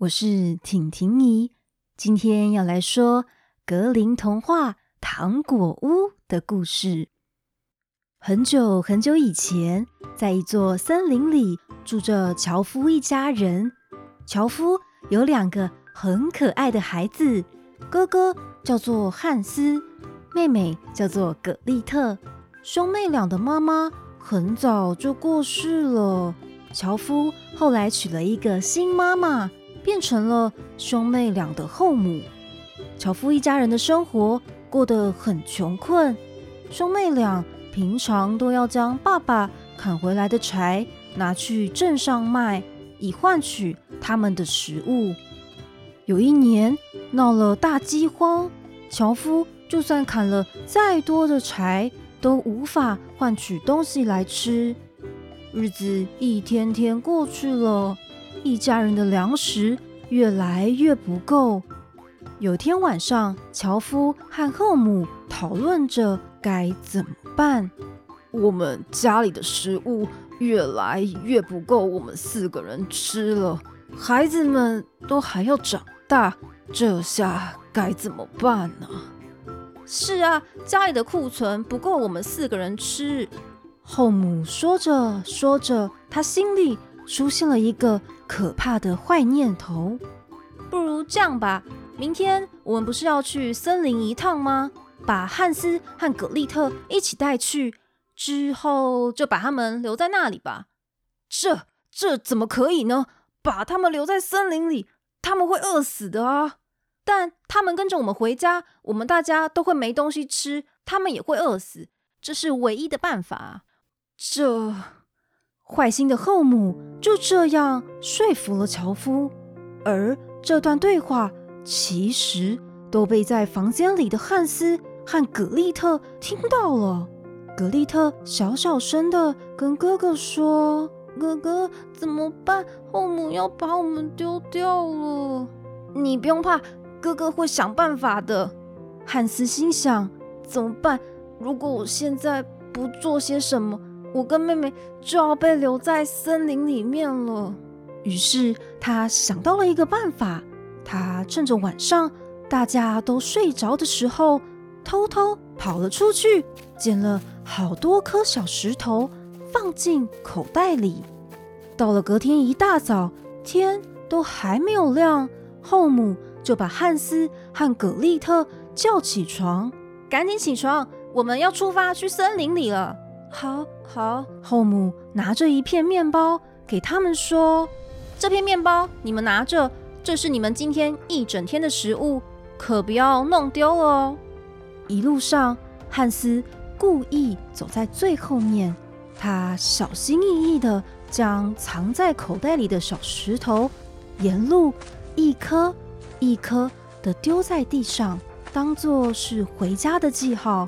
我是婷婷姨，今天要來說《格林童話》《糖果屋》的故事。很久很久以前，在一座森林裡住着樵夫一家人。樵夫有兩個很可愛的孩子，哥哥叫做漢斯，妹妹叫做葛利特。兄妹倆的媽媽很早就過世了，樵夫後來娶了一個新媽媽。變成了兄妹倆的後母，樵夫一家人的生活過得很窮困，兄妹倆平常都要將爸爸砍回來的柴拿去鎮上賣，以換取他們的食物。有一年鬧了大饑荒，樵夫就算砍了再多的柴，都無法換取東西來吃。日子一天天過去了。一家人的糧食越來越不夠。有一天晚上，樵夫和後母討論着該怎麼辦。我們家裡的食物越來越不夠，我們四個人吃了，孩子們都還要長大，這下該怎麼辦呢？是啊，家裡的庫存不夠我們四個人吃。後母說着說着，她心裡，出現了一個可怕的壞念頭，不如這樣吧，明天我們不是要去森林一趟嗎？把漢斯和葛利特一起帶去，之後就把他們留在那裡吧。這這怎麼可以呢？把他們留在森林裡，他們會餓死的啊！但他們跟着我們回家，我們大家都會沒東西吃，他們也會餓死。這是唯一的辦法。這。壞心的後母就這樣說服了樵夫，而這段對話其實都被在房間裡的漢斯和葛利特聽到了。葛利特小小聲的跟哥哥說：“哥哥，怎麼辦？後母要把我們丟掉了。”你不用怕，哥哥會想辦法的。漢斯心想：“怎麼辦？如果我現在不做些什麼？”我跟妹妹就要被留在森林裡面了。於是他想到了一個辦法，他趁着晚上大家都睡着的時候，偷偷跑了出去，撿了好多顆小石頭，放進口袋裡。到了隔天一大早，天都還沒有亮，後母就把漢斯和葛利特叫起床，趕緊起床，我們要出發去森林裡了。好好，後母拿着一片麵包給他們說：“這片麵包你們拿着，這是你們今天一整天的食物，可不要弄丟了哦。”一路上，漢斯故意走在最後面，他小心翼翼地將藏在口袋裡的小石頭沿路一顆一顆地丟在地上，當作是回家的記號。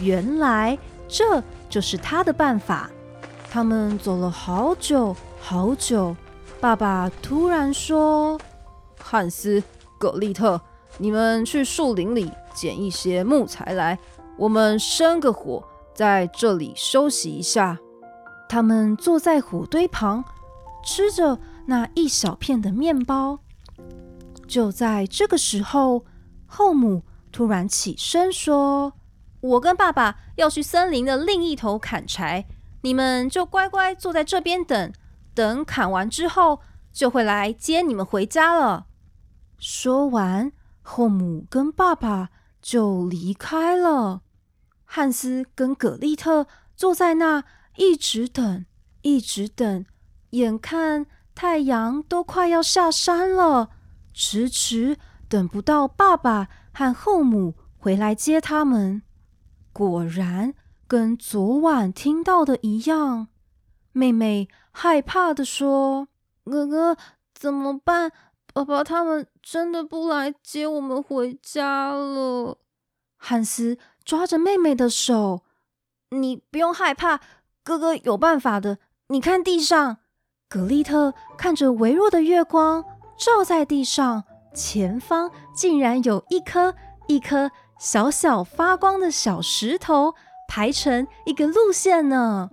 原來這。這、就是他的辦法。他們走了好久好久，爸爸突然說：“漢斯、葛利特，你們去樹林裡撿一些木材來，我們生個火，在這裡休息一下。”他們坐在火堆旁，吃着那一小片的麵包。就在這個時候，後母突然起身說。我跟爸爸要去森林的另一頭砍柴，你們就乖乖坐在這邊等。等砍完之後，就會來接你們回家了。說完，後母跟爸爸就離開了。漢斯跟葛利特坐在那，一直等，一直等，眼看太陽都快要下山了，遲遲等不到爸爸和後母回來接他們。果然跟昨晚聽到的一樣，妹妹害怕地說：“哥哥，怎麼辦？爸爸他們真的不來接我們回家了？”漢斯抓着妹妹的手：“你不用害怕，哥哥有辦法的。你看地上。”葛利特看着微弱的月光照在地上，前方竟然有一顆一顆。小小發光的小石頭排成一個路線呢，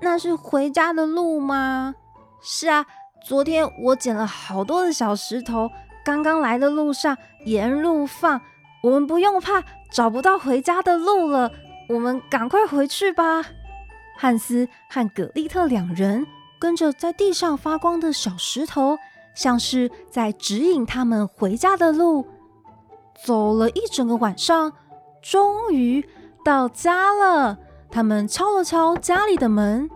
那是回家的路嗎？是啊，昨天我撿了好多的小石頭，剛剛來的路上沿路放。我們不用怕找不到回家的路了，我們趕快回去吧。漢斯和葛利特兩人跟着在地上發光的小石頭，像是在指引他們回家的路。走了一整個晚上，終於到家了。他們敲了敲家裡的門，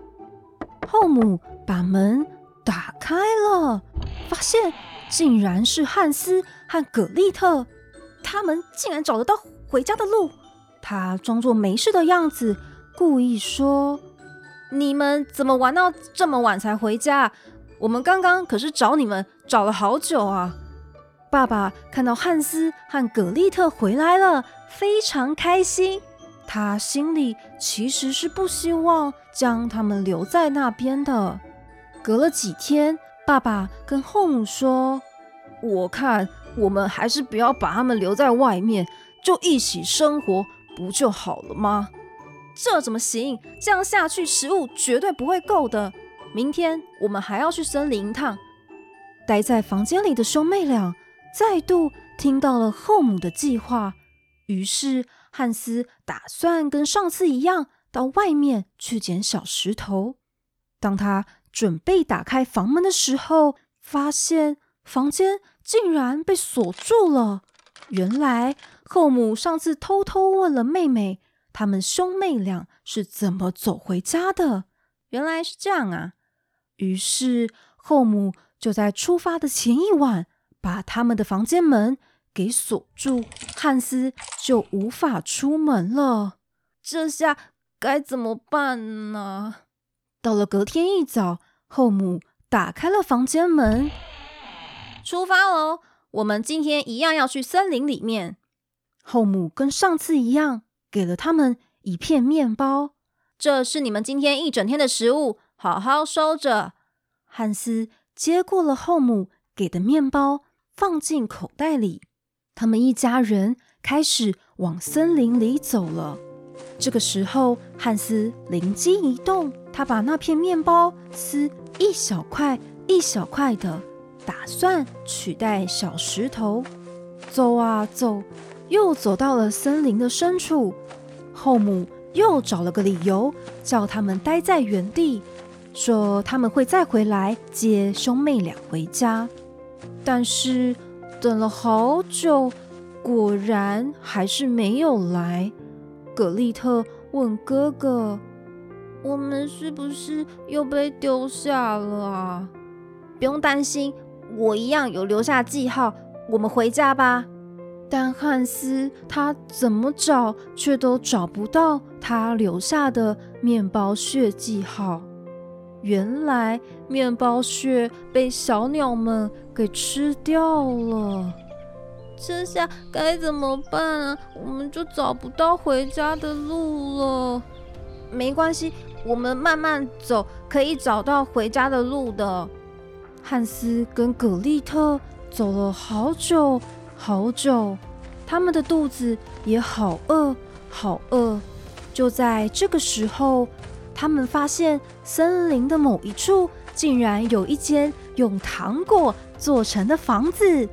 後母把門打開了，發現竟然是漢斯和葛利特。他們竟然找得到回家的路。他裝作沒事的樣子，故意說：“你們怎麼玩到這麼晚才回家？我們剛剛可是找你們找了好久啊。”爸爸看到漢斯和葛利特回來了，非常開心。他心裡其實是不希望將他們留在那邊的。隔了幾天，爸爸跟後母說：“我看我們還是不要把他們留在外面，就一起生活不就好了嗎？”這怎麼行？這樣下去食物絕對不會夠的。明天我們還要去森林一趟。待在房間裡的兄妹倆。再度聽到了後母的計劃，於是漢斯打算跟上次一樣到外面去撿小石頭。當他準備打開房門的時候，發現房間竟然被鎖住了。原來後母上次偷偷問了妹妹，他們兄妹倆是怎麼走回家的。原來是這樣啊！於是後母就在出發的前一晚。把他們的房間門給鎖住，漢斯就無法出門了。這下該怎麼辦呢？到了隔天一早，後母打開了房間門。出發嘍！我們今天一樣要去森林裡面。後母跟上次一樣，給了他們一片麵包。這是你們今天一整天的食物，好好收着。漢斯接過了後母給的麵包。放進口袋裡，他們一家人開始往森林裡走了。這個時候，漢斯靈機一動，他把那片麵包撕一小塊一小塊的，打算取代小石頭。走啊走，又走到了森林的深處。後母又找了個理由，叫他們待在原地，說他們會再回來接兄妹倆回家。但是等了好久，果然還是沒有來。葛利特問哥哥：“我們是不是又被丟下了啊？”不用擔心，我一樣有留下記號。我們回家吧。但漢斯他怎麼找卻都找不到他留下的麵包屑記號。原來麵包屑被小鳥們。給吃掉了，這下該怎麼辦啊？我們就找不到回家的路了。沒關係，我們慢慢走，可以找到回家的路的。漢斯跟葛利特走了好久好久，他們的肚子也好餓好餓。就在這個時候，他們發現森林的某一處竟然有一間用糖果做成的房子，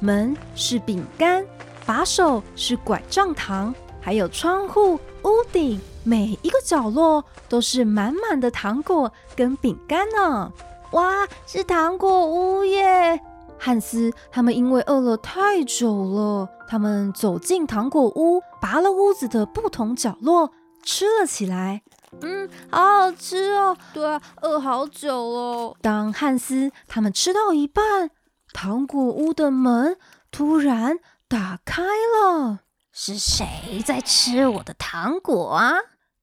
門是餅乾，把手是拐杖糖，還有窗戶、屋頂，每一個角落都是滿滿的糖果跟餅乾呢！哇，是糖果屋耶！漢斯他們因為餓了太久了，他們走進糖果屋，拔了屋子的不同角落，吃了起來。嗯，好好吃哦。對啊，餓好久哦。當漢斯他們吃到一半，糖果屋的門突然打開了。是誰在吃我的糖果啊？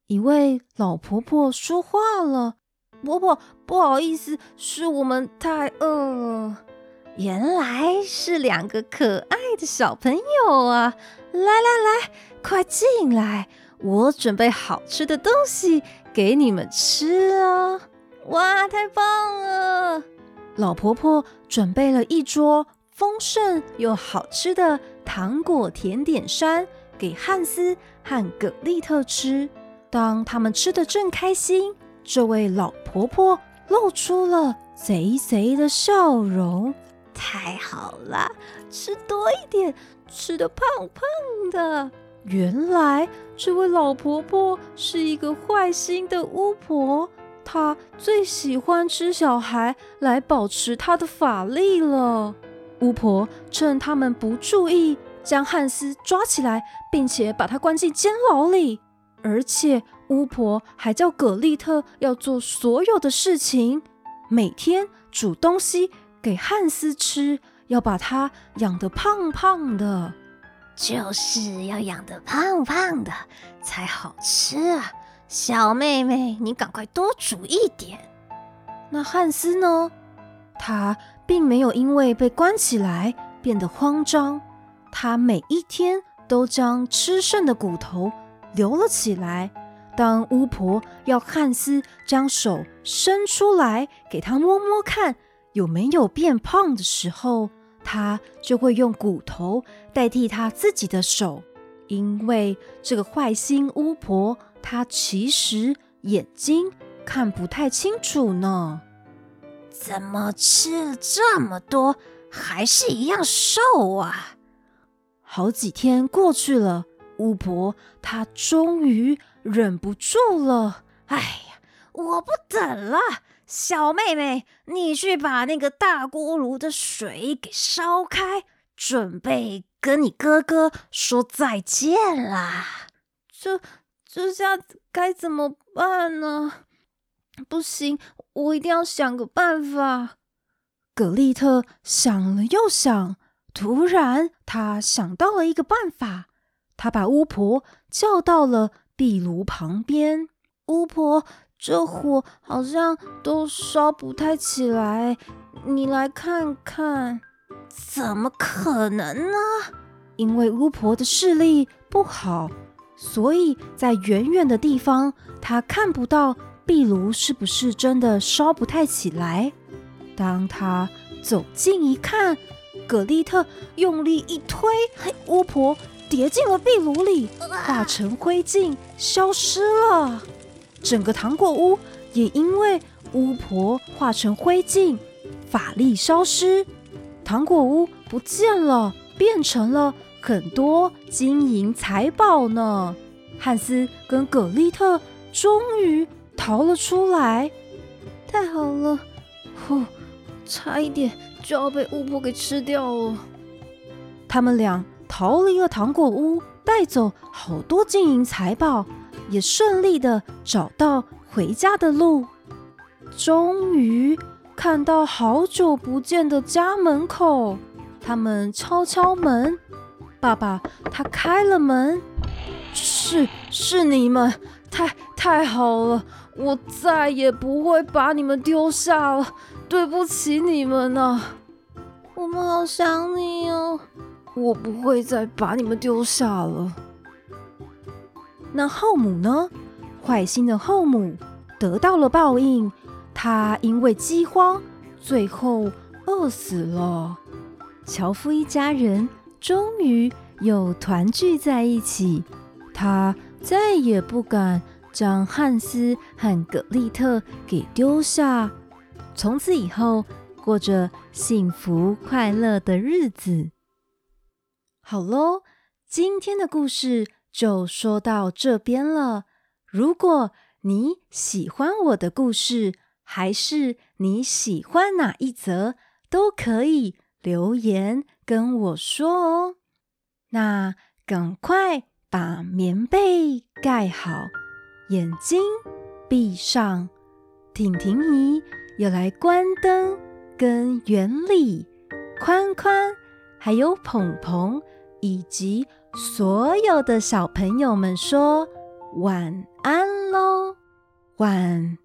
一位老婆婆說話了：“婆婆，不好意思，是我們太餓了。”原來是兩個可愛的小朋友啊！來來來，快進來。我準備好吃的東西給你們吃啊、哦！哇，太棒了！老婆婆準備了一桌豐盛又好吃的糖果甜點山給漢斯和葛利特吃。當他們吃得正開心，這位老婆婆露出了賊賊的笑容。太好啦，吃多一點，吃得胖胖的。原來，這位老婆婆是一個壞心的巫婆，她最喜歡吃小孩來保持她的法力了。巫婆趁他們不注意，將漢斯抓起來，並且把他關進監牢裡。而且，巫婆還叫葛利特要做所有的事情，每天煮東西給漢斯吃，要把他養得胖胖的。就是要養得胖胖的才好吃啊，小妹妹，你趕快多煮一點。那漢斯呢？他並沒有因為被關起來變得慌張，他每一天都將吃剩的骨頭留了起來。當巫婆要漢斯將手伸出來給他摸摸看有沒有變胖的時候，他就會用骨頭代替他自己的手，因為這個壞心巫婆，她其實眼睛看不太清楚呢。怎麼吃了這麼多，還是一樣瘦啊？好幾天過去了，巫婆她終於忍不住了。哎呀，我不等了。小妹妹，你去把那個大鍋爐的水給燒開，準備跟你哥哥說再見啦。這這下該怎麼辦呢？不行，我一定要想個辦法。葛利特想了又想，突然她想到了一個辦法，她把巫婆叫到了壁爐旁邊，巫婆。這火好像都燒不太起來，你來看看。怎麼可能呢？因為巫婆的視力不好，所以在遠遠的地方她看不到壁爐是不是真的燒不太起來。當她走近一看，葛利特用力一推，嘿，巫婆跌進了壁爐裡，化成灰燼，消失了。整個糖果屋也因為巫婆化成灰燼，法力消失，糖果屋不見了，變成了很多金銀財寶呢。漢斯跟葛利特終於逃了出來，太好了，呼，差一點就要被巫婆給吃掉了。他們倆逃離了糖果屋，帶走好多金銀財寶。也順利地找到回家的路，終於看到好久不見的家門口。他們敲敲門，爸爸他開了門。是，是是你們，太太好了，我再也不會把你們丟下了，對不起你們吶、啊，我們好想你哦，我不會再把你們丟下了。那後母呢？壞心的後母得到了報應，她因為饑荒，最後餓死了。樵夫一家人終於又團聚在一起，他再也不敢將漢斯和葛利特給丟下。從此以後，過着幸福快樂的日子。好嘍，今天的故事，就說到這邊了。如果你喜歡我的故事，還是你喜歡哪一則，都可以留言跟我說哦。那趕快把棉被蓋好，眼睛閉上。婷婷姨，要來關燈，跟芫里，寬寬還有芃芃以及。所有的小朋友們說：“晚安嘍，晚。”